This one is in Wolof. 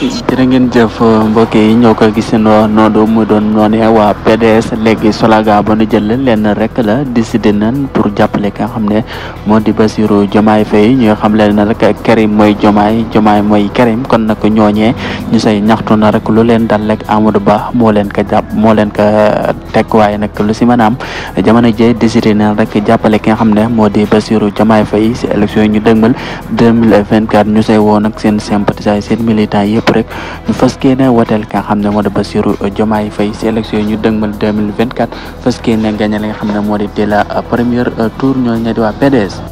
jërë ngeen jëf mbokk yi ñoo ko gisandoo noonu mu doon noonee waa PDS léegi solaga ba nu jël lenn rek la décidé nañ pour jàppale ka nga xam ne moo di Bassirou Diomaye Faye ñoo xam leen na rek Karim mooy Diomaye Diomaye mooy Karim kon nag ñooñee ñu say ñaxtu na rek lu leen dal rek Amadou Ba moo leen ko jàpp moo leen ko teg waaye nag lu si mën a am jamono jee décidé na rek jàppale ki nga xam ne moo di Bassirou jamaay Faye si élection yi ñu dëgmal 2024 ñu say woo nag seen sympathisants yi seen militants yëpp rek ñu fas yéene woteel ki xam ne moo di Bassirou Diomaye Faye si élection yi ñu dëgmal 2024 vingt yéene gagné li nga xam ne moo di dès la première tour ñoo ñe di